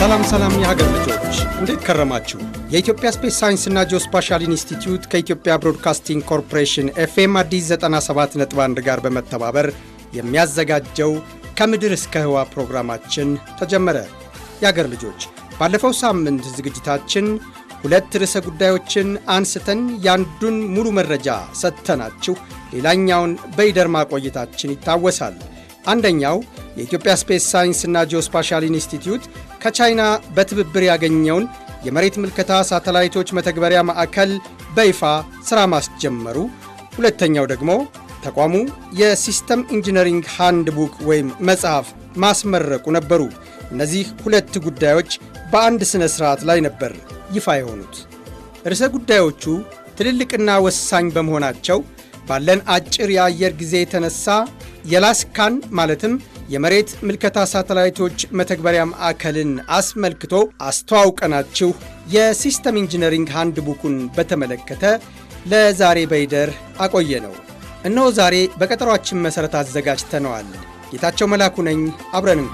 ሰላም ሰላም የሀገር ልጆች እንዴት ከረማችሁ? የኢትዮጵያ ስፔስ ሳይንስና ጂኦስፓሻል ኢንስቲትዩት ከኢትዮጵያ ብሮድካስቲንግ ኮርፖሬሽን ኤፍኤም አዲስ 1 ጋር በመተባበር የሚያዘጋጀው ከምድር እስከ ህዋ ፕሮግራማችን ተጀመረ። የአገር ልጆች ባለፈው ሳምንት ዝግጅታችን ሁለት ርዕሰ ጉዳዮችን አንስተን የአንዱን ሙሉ መረጃ ሰጥተናችሁ ሌላኛውን በይደርማ ቆይታችን ይታወሳል። አንደኛው የኢትዮጵያ ስፔስ ሳይንስና ጂኦስፓሻል ኢንስቲትዩት ከቻይና በትብብር ያገኘውን የመሬት ምልከታ ሳተላይቶች መተግበሪያ ማዕከል በይፋ ሥራ ማስጀመሩ፣ ሁለተኛው ደግሞ ተቋሙ የሲስተም ኢንጂነሪንግ ሃንድ ቡክ ወይም መጽሐፍ ማስመረቁ ነበሩ። እነዚህ ሁለት ጉዳዮች በአንድ ሥነ ሥርዓት ላይ ነበር ይፋ የሆኑት። ርዕሰ ጉዳዮቹ ትልልቅና ወሳኝ በመሆናቸው ባለን አጭር የአየር ጊዜ የተነሳ የላስካን ማለትም የመሬት ምልከታ ሳተላይቶች መተግበሪያ ማዕከልን አስመልክቶ አስተዋውቀናችሁ የሲስተም ኢንጂነሪንግ ሃንድ ቡኩን በተመለከተ ለዛሬ በይደር አቆየ ነው። እነሆ ዛሬ በቀጠሯችን መሠረት አዘጋጅተነዋል። ጌታቸው መላኩ ነኝ። አብረንም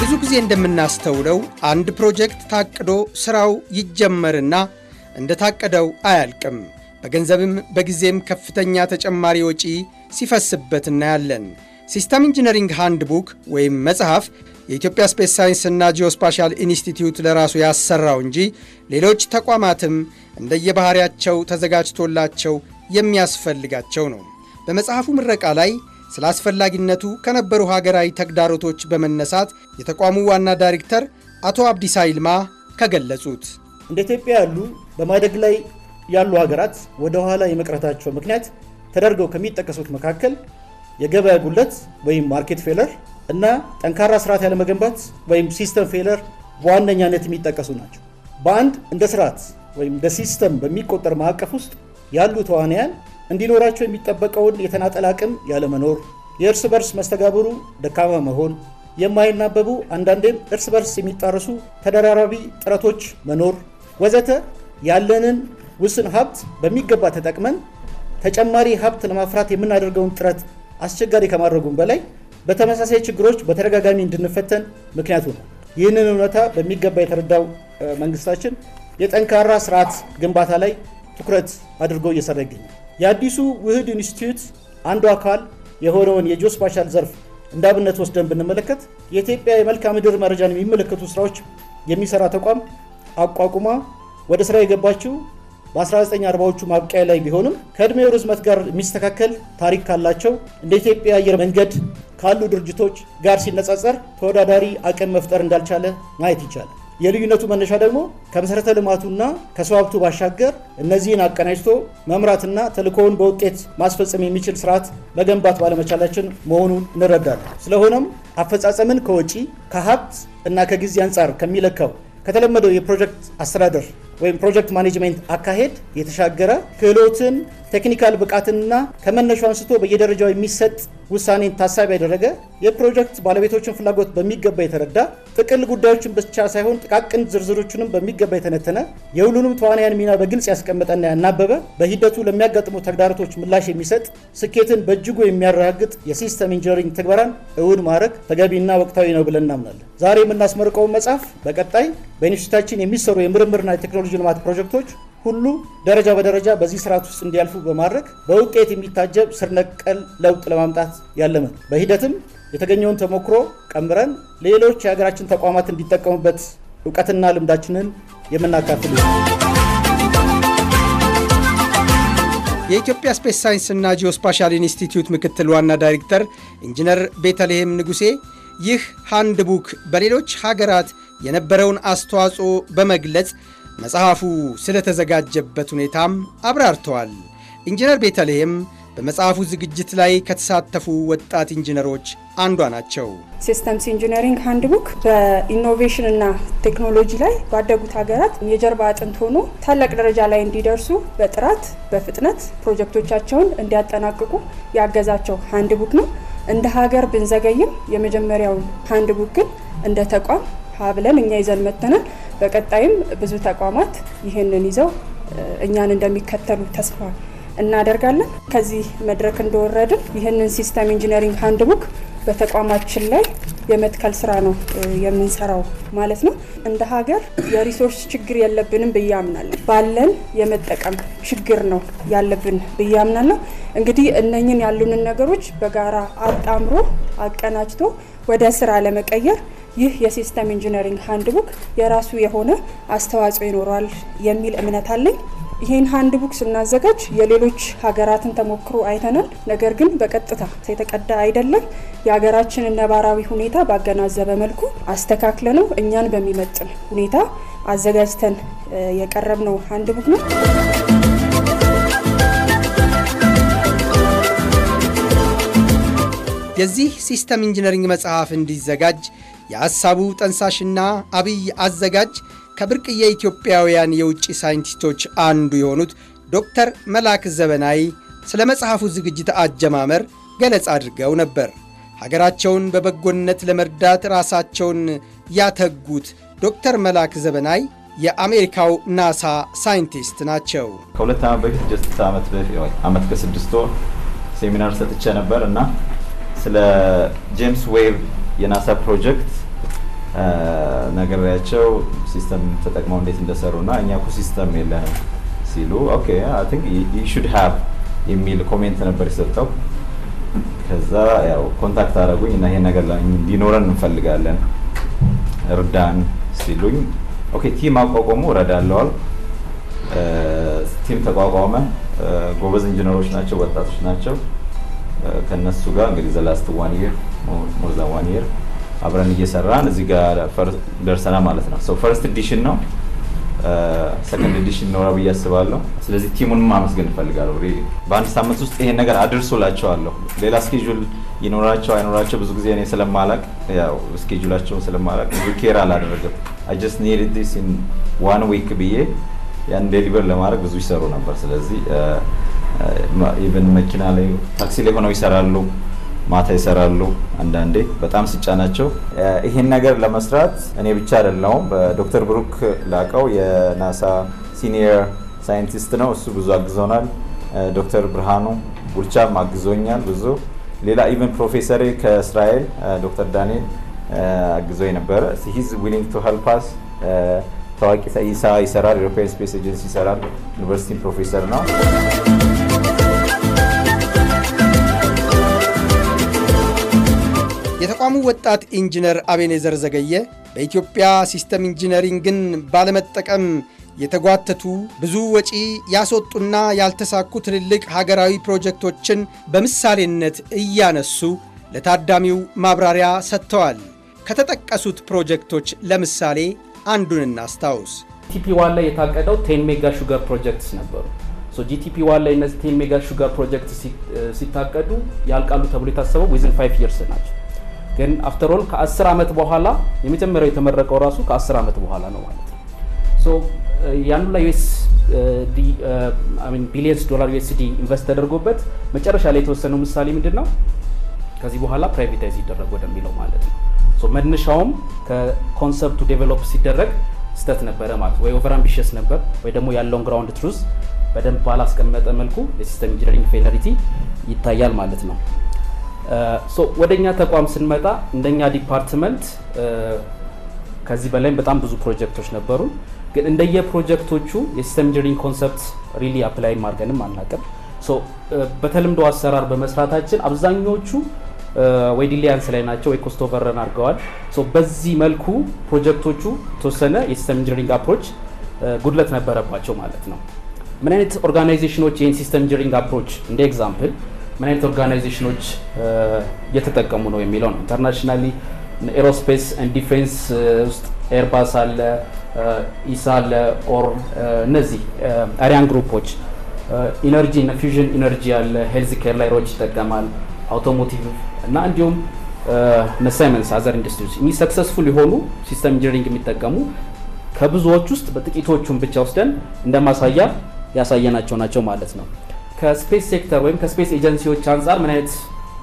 ብዙ ጊዜ እንደምናስተውለው አንድ ፕሮጀክት ታቅዶ ሥራው ይጀመርና እንደታቀደው አያልቅም። በገንዘብም በጊዜም ከፍተኛ ተጨማሪ ወጪ ሲፈስበት እናያለን። ሲስተም ኢንጂነሪንግ ሃንድ ቡክ ወይም መጽሐፍ የኢትዮጵያ ስፔስ ሳይንስና ጂኦስፓሻል ኢንስቲትዩት ለራሱ ያሰራው እንጂ ሌሎች ተቋማትም እንደየባህሪያቸው ተዘጋጅቶላቸው የሚያስፈልጋቸው ነው። በመጽሐፉ ምረቃ ላይ ስለ አስፈላጊነቱ ከነበሩ ሀገራዊ ተግዳሮቶች በመነሳት የተቋሙ ዋና ዳይሬክተር አቶ አብዲሳ ይልማ ከገለጹት እንደ ኢትዮጵያ ያሉ በማደግ ላይ ያሉ ሀገራት ወደ ኋላ የመቅረታቸው ምክንያት ተደርገው ከሚጠቀሱት መካከል የገበያ ጉለት ወይም ማርኬት ፌለር እና ጠንካራ ስርዓት ያለመገንባት ወይም ሲስተም ፌለር በዋነኛነት የሚጠቀሱ ናቸው። በአንድ እንደ ስርዓት ወይም እንደ ሲስተም በሚቆጠር ማዕቀፍ ውስጥ ያሉ ተዋንያን እንዲኖራቸው የሚጠበቀውን የተናጠል አቅም ያለመኖር፣ የእርስ በርስ መስተጋብሩ ደካማ መሆን፣ የማይናበቡ አንዳንዴም እርስ በርስ የሚጣረሱ ተደራራቢ ጥረቶች መኖር ወዘተ ያለንን ውስን ሀብት በሚገባ ተጠቅመን ተጨማሪ ሀብት ለማፍራት የምናደርገውን ጥረት አስቸጋሪ ከማድረጉም በላይ በተመሳሳይ ችግሮች በተደጋጋሚ እንድንፈተን ምክንያቱ ነው። ይህንን እውነታ በሚገባ የተረዳው መንግስታችን የጠንካራ ስርዓት ግንባታ ላይ ትኩረት አድርጎ እየሰራ ይገኛል። የአዲሱ ውህድ ኢንስቲትዩት አንዱ አካል የሆነውን የጂኦስፓሻል ዘርፍ እንደ አብነት ወስደን ብንመለከት የኢትዮጵያ የመልክዓ ምድር መረጃን የሚመለከቱ ስራዎች የሚሰራ ተቋም አቋቁማ ወደ ስራ የገባችው በ1940ዎቹ ማብቂያ ላይ ቢሆንም ከእድሜው ርዝመት ጋር የሚስተካከል ታሪክ ካላቸው እንደ ኢትዮጵያ አየር መንገድ ካሉ ድርጅቶች ጋር ሲነጻጸር ተወዳዳሪ አቅም መፍጠር እንዳልቻለ ማየት ይቻላል። የልዩነቱ መነሻ ደግሞ ከመሠረተ ልማቱና ከሰው ሀብቱ ባሻገር እነዚህን አቀናጅቶ መምራትና ተልእኮውን በውጤት ማስፈጸም የሚችል ስርዓት መገንባት ባለመቻላችን መሆኑን እንረዳለን። ስለሆነም አፈጻጸምን ከወጪ ከሀብት እና ከጊዜ አንጻር ከሚለካው ከተለመደው የፕሮጀክት አስተዳደር ወይም ፕሮጀክት ማኔጅመንት አካሄድ የተሻገረ ክህሎትን፣ ቴክኒካል ብቃትንና ከመነሻው አንስቶ በየደረጃው የሚሰጥ ውሳኔን ታሳቢ ያደረገ የፕሮጀክት ባለቤቶችን ፍላጎት በሚገባ የተረዳ ጥቅል ጉዳዮችን ብቻ ሳይሆን ጥቃቅን ዝርዝሮችንም በሚገባ የተነተነ የሁሉንም ተዋንያን ሚና በግልጽ ያስቀመጠና ያናበበ በሂደቱ ለሚያጋጥሙ ተግዳሮቶች ምላሽ የሚሰጥ ስኬትን በእጅጉ የሚያረጋግጥ የሲስተም ኢንጂነሪንግ ትግበራን እውን ማድረግ ተገቢና ወቅታዊ ነው ብለን እናምናለን። ዛሬ የምናስመርቀውን መጽሐፍ በቀጣይ በዩኒቨርሲቲያችን የሚሰሩ የምርምርና የቴክኖሎጂ ልማት ፕሮጀክቶች ሁሉ ደረጃ በደረጃ በዚህ ስርዓት ውስጥ እንዲያልፉ በማድረግ በውጤት የሚታጀብ ስርነቀል ለውጥ ለማምጣት ያለመ በሂደትም የተገኘውን ተሞክሮ ቀምረን ሌሎች የሀገራችን ተቋማት እንዲጠቀሙበት እውቀትና ልምዳችንን የምናካፍል የኢትዮጵያ ስፔስ ሳይንስና ጂኦስፓሻል ኢንስቲትዩት ምክትል ዋና ዳይሬክተር ኢንጂነር ቤተልሔም ንጉሴ ይህ ሃንድቡክ ቡክ በሌሎች ሀገራት የነበረውን አስተዋጽኦ በመግለጽ መጽሐፉ ስለተዘጋጀበት ሁኔታም አብራርተዋል። ኢንጂነር ቤተልሔም በመጽሐፉ ዝግጅት ላይ ከተሳተፉ ወጣት ኢንጂነሮች አንዷ ናቸው። ሲስተምስ ኢንጂነሪንግ ሃንድ ቡክ በኢኖቬሽን እና ቴክኖሎጂ ላይ ባደጉት ሀገራት የጀርባ አጥንት ሆኖ ታላቅ ደረጃ ላይ እንዲደርሱ በጥራት በፍጥነት ፕሮጀክቶቻቸውን እንዲያጠናቅቁ ያገዛቸው ሃንድ ቡክ ነው። እንደ ሀገር ብንዘገይም የመጀመሪያውን ሃንድ ቡክ ግን እንደ ተቋም ሀ ብለን እኛ ይዘን መተናል። በቀጣይም ብዙ ተቋማት ይህንን ይዘው እኛን እንደሚከተሉ ተስፋ እናደርጋለን። ከዚህ መድረክ እንደወረድን ይህንን ሲስተም ኢንጂነሪንግ ሃንድቡክ በተቋማችን ላይ የመትከል ስራ ነው የምንሰራው ማለት ነው። እንደ ሀገር የሪሶርስ ችግር የለብንም ብዬ አምናለሁ። ባለን የመጠቀም ችግር ነው ያለብን ብዬ አምናለሁ። እንግዲህ እነኝን ያሉንን ነገሮች በጋራ አጣምሮ አቀናጅቶ ወደ ስራ ለመቀየር ይህ የሲስተም ኢንጂነሪንግ ሀንድቡክ የራሱ የሆነ አስተዋጽኦ ይኖረዋል የሚል እምነት አለኝ። ይህን ሀንድ ቡክ ስናዘጋጅ የሌሎች ሀገራትን ተሞክሮ አይተናል። ነገር ግን በቀጥታ የተቀዳ አይደለም። የሀገራችንን ነባራዊ ሁኔታ ባገናዘበ መልኩ አስተካክለ ነው እኛን በሚመጥን ሁኔታ አዘጋጅተን የቀረብነው ሀንድ ቡክ ነው። የዚህ ሲስተም ኢንጂነሪንግ መጽሐፍ እንዲዘጋጅ የሐሳቡ ጠንሳሽና አብይ አዘጋጅ ከብርቅዬ ኢትዮጵያውያን የውጭ ሳይንቲስቶች አንዱ የሆኑት ዶክተር መላክ ዘበናይ ስለ መጽሐፉ ዝግጅት አጀማመር ገለጻ አድርገው ነበር። ሀገራቸውን በበጎነት ለመርዳት ራሳቸውን ያተጉት ዶክተር መላክ ዘበናይ የአሜሪካው ናሳ ሳይንቲስት ናቸው። ከሁለት ዓመት በፊት ጀስት ዓመት በፊት ዓመት ከስድስት ወር ሴሚናር ሰጥቼ ነበር እና ስለ ጄምስ ዌብ የናሳ ፕሮጀክት ነገሪያቸው ሲስተም ተጠቅመው እንዴት እንደሰሩ እና እኛ ኩ ሲስተም የለንም ሲሉ ኦኬ ሹድ ሃቭ የሚል ኮሜንት ነበር የሰጠው። ከዛ ያው ኮንታክት አደረጉኝ እና ይሄን ነገር እንዲኖረን እንፈልጋለን እርዳን ሲሉኝ ኦኬ ቲም አቋቋሙ እረዳለዋል። ቲም ተቋቋመ። ጎበዝ ኢንጂነሮች ናቸው፣ ወጣቶች ናቸው። ከነሱ ጋር እንግዲህ ዘላስት ዋን ይር ሞር ዋን ይር አብረን እየሰራን እዚህ ጋር ማለት ነው። ፈርስት ኤዲሽን ነው። ሰከንድ ኤዲሽን ኖራ ብዬ አስባለሁ። ስለዚህ ቲሙንም አመስገን እፈልጋለሁ። በአንድ ሳምንት ውስጥ ይሄን ነገር አድርሶላቸዋለሁ። ሌላ ስኬጁል ይኖራቸው አይኖራቸው ብዙ ጊዜ እኔ ስለማላቅ ያው ስኬጁላቸውን ስለማላቅ ብዙ ኬር አላደረግም። አይ ጀስት ኒድ ዲስ ኢን ዋን ዊክ ብዬ ያን ዴሊቨር ለማድረግ ብዙ ይሰሩ ነበር። ስለዚህ ኢቨን መኪና ላይ ታክሲ ላይ ሆነው ይሰራሉ። ማታ ይሰራሉ። አንዳንዴ በጣም ናቸው ይሄን ነገር ለመስራት እኔ ብቻ አይደለሁም። በዶክተር ብሩክ ላቀው የናሳ ሲኒየር ሳይንቲስት ነው። እሱ ብዙ አግዞናል። ዶክተር ብርሃኑ ቡልቻም አግዞኛል ብዙ። ሌላ ኢቨን ፕሮፌሰሬ ከእስራኤል ዶክተር ዳንኤል አግዞኝ ነበረ። ሂዝ ዊሊንግ ቱ ሄልፕ ታዋቂ ኢሳ ይሰራል፣ ኢሮፒያን ስፔስ ኤጀንሲ ይሰራል። ዩኒቨርሲቲ ፕሮፌሰር ነው። የተቋሙ ወጣት ኢንጂነር አቤኔዘር ዘገየ በኢትዮጵያ ሲስተም ኢንጂነሪንግን ባለመጠቀም የተጓተቱ ብዙ ወጪ ያስወጡና ያልተሳኩ ትልልቅ ሀገራዊ ፕሮጀክቶችን በምሳሌነት እያነሱ ለታዳሚው ማብራሪያ ሰጥተዋል። ከተጠቀሱት ፕሮጀክቶች ለምሳሌ አንዱን እናስታውስ። ቲፒ ዋን ላይ የታቀደው ቴን ሜጋ ሹገር ፕሮጀክትስ ነበሩ። ጂቲፒ ዋን ላይ እነዚህ ቴን ሜጋ ሹገር ፕሮጀክት ሲታቀዱ ያልቃሉ ተብሎ የታሰበው ዊዝን ፋይቭ ይርስ ናቸው። ግን አፍተር ከ10 ዓመት በኋላ የመጀመሪያው የተመረቀው ራሱ ከ10 ዓመት በኋላ ነው ማለት ነው። ሶ uh, ያኑ ላይ ዩኤስ ቢሊየንስ ዶላር ዩስዲ ኢንቨስት ተደርጎበት መጨረሻ ላይ የተወሰነው ምሳሌ ምንድን ነው? ከዚህ በኋላ ፕራይቬታይዝ ይደረግ ወደሚለው ማለት ነው። መነሻውም ከኮንሰፕቱ ዴቨሎፕ ሲደረግ ስህተት ነበረ ማለት ወይ ኦቨር አምቢሽስ ነበር ወይ ደግሞ ያለውን ግራውንድ ትሩዝ በደንብ ባላስቀመጠ መልኩ የሲስተም ኢንጂነሪንግ ፌለሪቲ ይታያል ማለት ነው። Uh, ወደኛ ተቋም ስንመጣ እንደኛ ዲፓርትመንት uh, ከዚህ በላይም በጣም ብዙ ፕሮጀክቶች ነበሩ። ግን እንደየ ፕሮጀክቶቹ የሲስተም ኢንጂነሪንግ ኮንሰፕት ሪሊ አፕላይ ማድረግንም አናውቅም። uh, በተለምዶ አሰራር በመስራታችን አብዛኞቹ ወይ ዲሊያንስ ላይ ናቸው ወይ ኮስቶቨርን አድርገዋል። በዚህ መልኩ ፕሮጀክቶቹ የተወሰነ የሲስተም ኢንጂነሪንግ አፕሮች ጉድለት ነበረባቸው ማለት ነው። ምን አይነት ኦርጋናይዜሽኖች ይህን ሲስተም ኢንጂነሪንግ አፕሮች እንደ ኤግዛምፕል ምን አይነት ኦርጋናይዜሽኖች እየተጠቀሙ ነው የሚለው ነው። ኢንተርናሽናሊ ኤሮስፔስ ን ዲፌንስ ውስጥ ኤርባስ አለ፣ ኢሳ አለ፣ ኦር እነዚህ አሪያን ግሩፖች ኢነርጂ ፊውዥን ኢነርጂ አለ፣ ሄልዝ ኬር ላይ ሮች ይጠቀማል፣ አውቶሞቲቭ እና እንዲሁም ሳይመንስ አዘር ኢንዱስትሪዎች እኚህ ሰክሰስፉል የሆኑ ሲስተም ኢንጂኒሪንግ የሚጠቀሙ ከብዙዎች ውስጥ በጥቂቶቹን ብቻ ወስደን እንደማሳያ ያሳየናቸው ናቸው ማለት ነው። ከስፔስ ሴክተር ወይም ከስፔስ ኤጀንሲዎች አንጻር ምን አይነት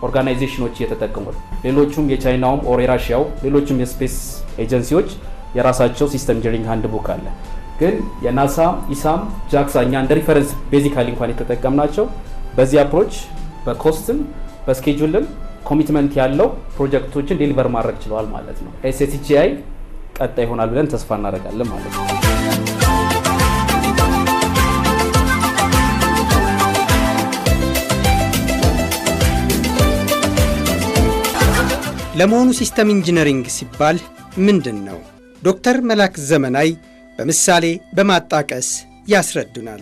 ኦርጋናይዜሽኖች እየተጠቀሙ ነው? ሌሎቹም የቻይናውም ኦር የራሽያው ሌሎችም የስፔስ ኤጀንሲዎች የራሳቸው ሲስተም ኢንጂነሪንግ ሃንድ ቡክ አለ። ግን የናሳ ኢሳም፣ ጃክሳ እኛ እንደ ሪፈረንስ ቤዚካሊ እንኳን የተጠቀምናቸው በዚህ አፕሮች በኮስትም በስኬጁልም ኮሚትመንት ያለው ፕሮጀክቶችን ዴሊቨር ማድረግ ችለዋል ማለት ነው። ኤስኤቲጂአይ ቀጣይ ይሆናል ብለን ተስፋ እናደርጋለን ማለት ነው። ለመሆኑ ሲስተም ኢንጂነሪንግ ሲባል ምንድን ነው? ዶክተር መላክ ዘመናይ በምሳሌ በማጣቀስ ያስረዱናል።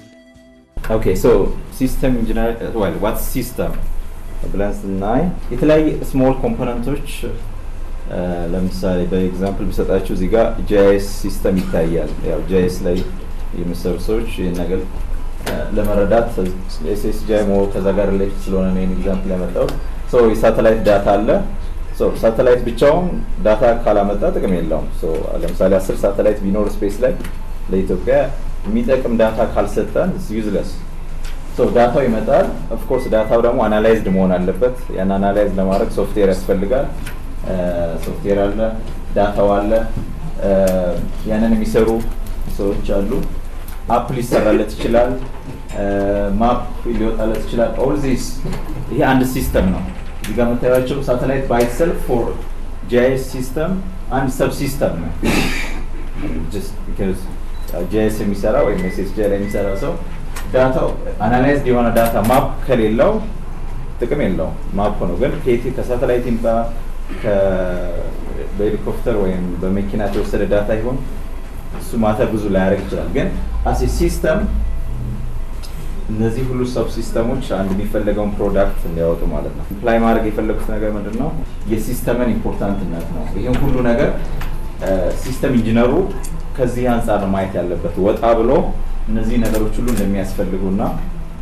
ኦኬ ሲስተም ብለን ስናይ የተለያየ ስሞል ኮምፖነንቶች ለምሳሌ በኤግዛምፕል ብሰጣችሁ እዚህ ጋር ጂአይኤስ ሲስተም ይታያል። ያው ጂአይኤስ ላይ የሚሰሩ ሰዎች ይህን ነገር ለመረዳት ኤስኤስጂአይ ሞ ከዛ ጋር ሪሌሽን ስለሆነ ነው ኤግዛምፕል ያመጣው። የሳተላይት ዳታ አለ ሳተላይት ብቻውም ዳታ ካላመጣ ጥቅም የለውም። ለምሳሌ አስር ሳተላይት ቢኖር ስፔስ ላይ ለኢትዮጵያ የሚጠቅም ዳታ ካልሰጠን ዩዝለስ። ዳታው ይመጣል። ኦፍኮርስ ዳታው ደግሞ አናላይዝድ መሆን አለበት። ያን አናላይዝ ለማድረግ ሶፍትዌር ያስፈልጋል። ሶፍትዌር አለ፣ ዳታው አለ፣ ያንን የሚሰሩ ሰዎች አሉ። አፕ ሊሰራለት ይችላል። ማፕ ሊወጣለት ይችላል። ኦል ዚስ ይሄ አንድ ሲስተም ነው። እዚህ ጋር ሳተላይት ባይሰል ፎር ጂአይኤስ ሲስተም አንድ ሰብሲስተም ሲስተም ነው። ጂአይኤስ የሚሰራ ወይም ኤስኤስጂ ላይ የሚሰራ ሰው ዳታው አናላይዝ የሆነ ዳታ ማፕ ከሌለው ጥቅም የለው ማፕ ነው ግን ከየት ከሳተላይት ይምጣ በሄሊኮፕተር ወይም በመኪና የተወሰደ ዳታ ይሆን እሱ ማተር ብዙ ላያደርግ ይችላል። ግን አሴ ሲስተም እነዚህ ሁሉ ሰብ ሲስተሞች አንድ የሚፈለገውን ፕሮዳክት እንዲያወጡ ማለት ነው። ፕላይ ማድረግ የፈለጉት ነገር ምንድን ነው? የሲስተምን ኢምፖርታንትነት ነው። ይህም ሁሉ ነገር ሲስተም ኢንጂነሩ ከዚህ አንጻር ማየት ያለበት፣ ወጣ ብሎ እነዚህ ነገሮች ሁሉ እንደሚያስፈልጉና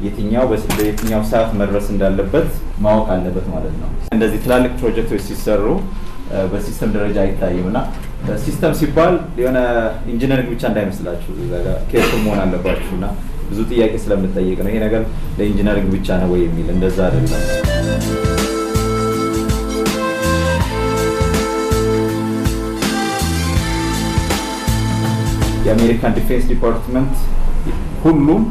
የትኛው በየትኛው ሰዓት መድረስ እንዳለበት ማወቅ አለበት ማለት ነው። እንደዚህ ትላልቅ ፕሮጀክቶች ሲሰሩ በሲስተም ደረጃ አይታይም እና ሲስተም ሲባል የሆነ ኢንጂነሪንግ ብቻ እንዳይመስላችሁ ኬርፉል መሆን አለባችሁ እና ብዙ ጥያቄ ስለምጠየቅ ነው። ይሄ ነገር ለኢንጂነሪንግ ብቻ ነው ወይ የሚል እንደዛ አይደለም። የአሜሪካን ዲፌንስ ዲፓርትመንት ሁሉም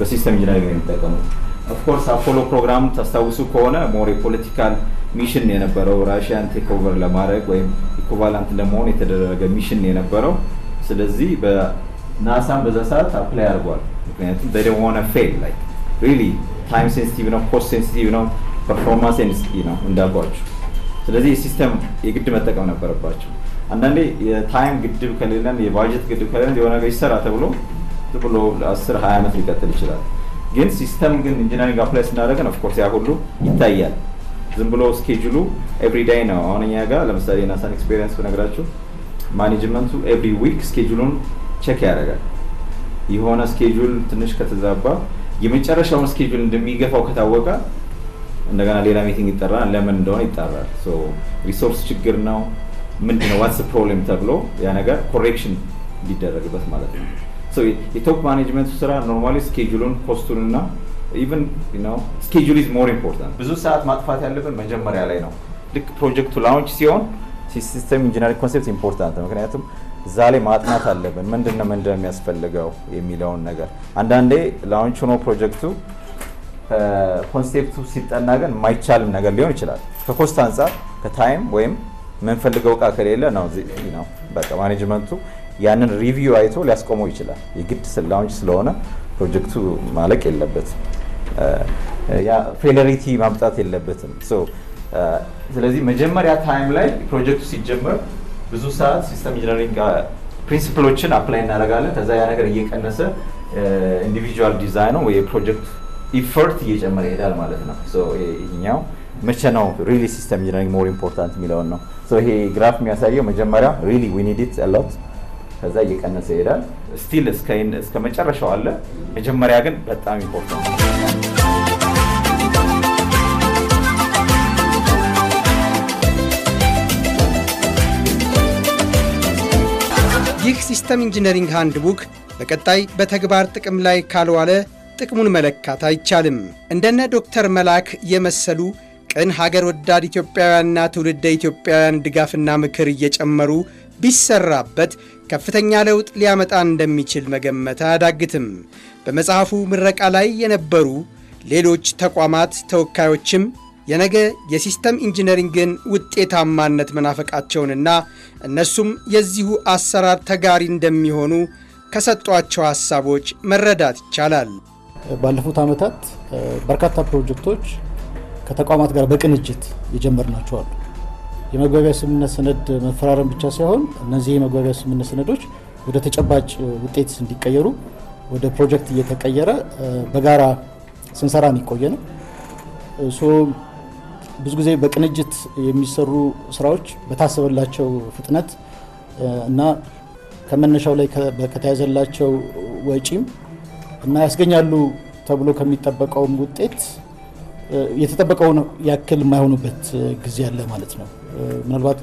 በሲስተም ኢንጂነሪንግ ነው የሚጠቀሙት። ኦፍኮርስ አፖሎ ፕሮግራም ታስታውሱ ከሆነ ሞር የፖለቲካል ሚሽን የነበረው ራሽያን ቴክኦቨር ለማድረግ ወይም ኢኩቫላንት ለመሆን የተደረገ ሚሽን የነበረው። ስለዚህ በናሳም በዛ ሰዓት አፕላይ አድርጓል። ምክንያቱም ዴ ዶንት ዋና ፌል ላይክ ሪሊ ታይም ሴንሲቲቭ ነው፣ ኮስት ሴንሲቲቭ ነው፣ ፐርፎርማንስ ሴንሲቲቭ ነው እንዳልኳቸው። ስለዚህ የሲስተም የግድ መጠቀም ነበረባቸው። አንዳንዴ የታይም ግድብ ከሌለን የባጀት ግድብ ከሌለን የሆነ ነገር ይሰራ ተብሎ ዝም ብሎ ለአስር ሀያ ዓመት ሊቀጥል ይችላል። ግን ሲስተም ግን ኢንጂነሪንግ አፕላይ ስናደርገን ኦፍኮርስ ያ ሁሉ ይታያል። ዝም ብሎ ስኬጁሉ ኤቭሪዳይ ነው። አሁን እኛ ጋር ለምሳሌ የናሳን ኤክስፔሪየንስ ብነግራችሁ ማኔጅመንቱ ኤቭሪ ዊክ ስኬጁሉን ቼክ ያደርጋል። የሆነ ስኬጁል ትንሽ ከተዛባ የመጨረሻውን ስኬጁል እንደሚገፋው ከታወቀ እንደገና ሌላ ሚቲንግ ይጠራ ለምን እንደሆነ ይጣራል። ሪሶርስ ችግር ነው ምንድነው ዋትስ ፕሮብሌም ተብሎ ያ ነገር ኮሬክሽን እንዲደረግበት ማለት ነው። የቶፕ ማኔጅመንቱ ስራ ኖርማሊ ስኬጁሉን ኮስቱን እና ኢቨን ኢዝ ሞር ኢምፖርታንት። ብዙ ሰዓት ማጥፋት ያለብን መጀመሪያ ላይ ነው። ልክ ፕሮጀክቱ ላውንች ሲሆን ሲስተም ኢንጂነሪንግ ኮንሴፕት ኢምፖርታንት ነው። ምክንያቱም እዛ ላይ ማጥናት አለብን። ምንድን ነው ምንድን ነው የሚያስፈልገው የሚለውን ነገር አንዳንዴ ላውንች ሆኖ ፕሮጀክቱ ኮንሴፕቱ ሲጠና ግን የማይቻልም ነገር ሊሆን ይችላል። ከኮስት አንጻር ከታይም ወይም የምንፈልገው እቃ ከሌለ ነው በቃ ማኔጅመንቱ ያንን ሪቪው አይቶ ሊያስቆመው ይችላል። የግድ ላውንች ስለሆነ ፕሮጀክቱ ማለቅ የለበትም። ያ ፌለሪቲ ማምጣት የለበትም። ስለዚህ መጀመሪያ ታይም ላይ ፕሮጀክቱ ሲጀመር ብዙ ሰዓት ሲስተም ኢንጂነሪንግ ፕሪንሲፕሎችን አፕላይ እናደርጋለን። ከዛ ያ ነገር እየቀነሰ ኢንዲቪጁዋል ዲዛይኑ ወይ የፕሮጀክት ኢፈርት እየጨመረ ይሄዳል ማለት ነው። ይህኛው መቼ ነው ሪሊ ሲስተም ኢንጂነሪንግ ሞር ኢምፖርታንት የሚለውን ነው። ይሄ ግራፍ የሚያሳየው መጀመሪያ ሪሊ ዊ ኒድ ኢት አሎት ከዛ እየቀነሰ ይሄዳል። ስቲል እስከ መጨረሻው አለ። መጀመሪያ ግን በጣም ኢምፖርታንት ይህ ሲስተም ኢንጂነሪንግ ሃንድ ቡክ በቀጣይ በተግባር ጥቅም ላይ ካልዋለ ጥቅሙን መለካት አይቻልም። እንደነ ዶክተር መላክ የመሰሉ ቅን ሀገር ወዳድ ኢትዮጵያውያንና ትውልደ ኢትዮጵያውያን ድጋፍና ምክር እየጨመሩ ቢሰራበት ከፍተኛ ለውጥ ሊያመጣ እንደሚችል መገመት አያዳግትም። በመጽሐፉ ምረቃ ላይ የነበሩ ሌሎች ተቋማት ተወካዮችም የነገ የሲስተም ኢንጂነሪንግን ውጤታማነት መናፈቃቸውንና እነሱም የዚሁ አሰራር ተጋሪ እንደሚሆኑ ከሰጧቸው ሀሳቦች መረዳት ይቻላል። ባለፉት ዓመታት በርካታ ፕሮጀክቶች ከተቋማት ጋር በቅንጅት የጀመርናቸው አሉ። የመግባቢያ ስምምነት ሰነድ መፈራረም ብቻ ሳይሆን እነዚህ የመግባቢያ ስምምነት ሰነዶች ወደ ተጨባጭ ውጤት እንዲቀየሩ ወደ ፕሮጀክት እየተቀየረ በጋራ ስንሰራ ነው ነው። ብዙ ጊዜ በቅንጅት የሚሰሩ ስራዎች በታሰበላቸው ፍጥነት እና ከመነሻው ላይ ከተያዘላቸው ወጪም እና ያስገኛሉ ተብሎ ከሚጠበቀውም ውጤት የተጠበቀውን ያክል የማይሆኑበት ጊዜ አለ ማለት ነው። ምናልባት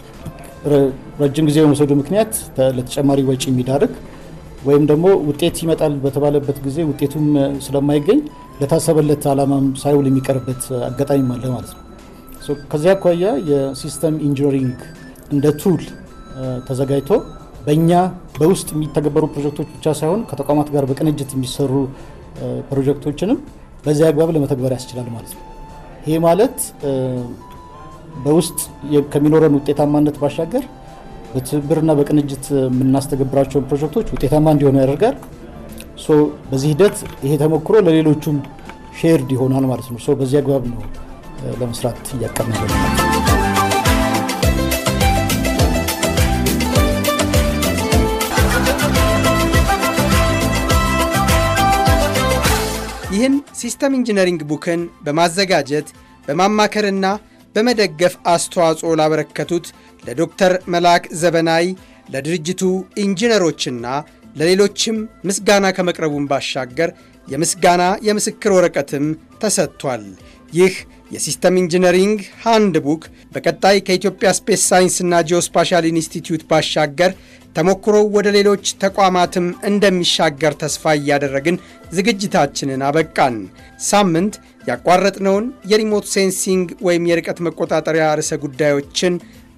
ረጅም ጊዜ በመውሰዱ ምክንያት ለተጨማሪ ወጪ የሚዳርግ ወይም ደግሞ ውጤት ይመጣል በተባለበት ጊዜ ውጤቱም ስለማይገኝ ለታሰበለት ዓላማም ሳይውል የሚቀርበት አጋጣሚ አለ ማለት ነው። ከዚያ አኳያ የሲስተም ኢንጂነሪንግ እንደ ቱል ተዘጋጅቶ በእኛ በውስጥ የሚተገበሩ ፕሮጀክቶች ብቻ ሳይሆን ከተቋማት ጋር በቅንጅት የሚሰሩ ፕሮጀክቶችንም በዚህ አግባብ ለመተግበር ያስችላል ማለት ነው። ይሄ ማለት በውስጥ ከሚኖረን ውጤታማነት ባሻገር በትብብርና በቅንጅት የምናስተገብራቸውን ፕሮጀክቶች ውጤታማ እንዲሆኑ ያደርጋል። በዚህ ሂደት ይሄ ተሞክሮ ለሌሎቹም ሼርድ ይሆናል ማለት ነው። በዚህ አግባብ ነው ለመስራት እያቀድን ነው። ይህን ሲስተም ኢንጂነሪንግ ቡክን በማዘጋጀት በማማከርና በመደገፍ አስተዋጽኦ ላበረከቱት ለዶክተር መልአክ ዘበናይ፣ ለድርጅቱ ኢንጂነሮችና ለሌሎችም ምስጋና ከመቅረቡን ባሻገር የምስጋና የምስክር ወረቀትም ተሰጥቷል። ይህ የሲስተም ኢንጂነሪንግ ሃንድ ቡክ በቀጣይ ከኢትዮጵያ ስፔስ ሳይንስና ጂኦስፓሻል ኢንስቲትዩት ባሻገር ተሞክሮው ወደ ሌሎች ተቋማትም እንደሚሻገር ተስፋ እያደረግን ዝግጅታችንን አበቃን። ሳምንት ያቋረጥነውን የሪሞት ሴንሲንግ ወይም የርቀት መቆጣጠሪያ ርዕሰ ጉዳዮችን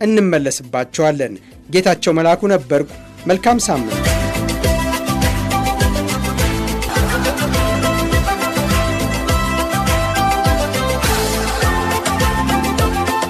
እንመለስባቸዋለን። ጌታቸው መላኩ ነበርኩ። መልካም ሳምንት።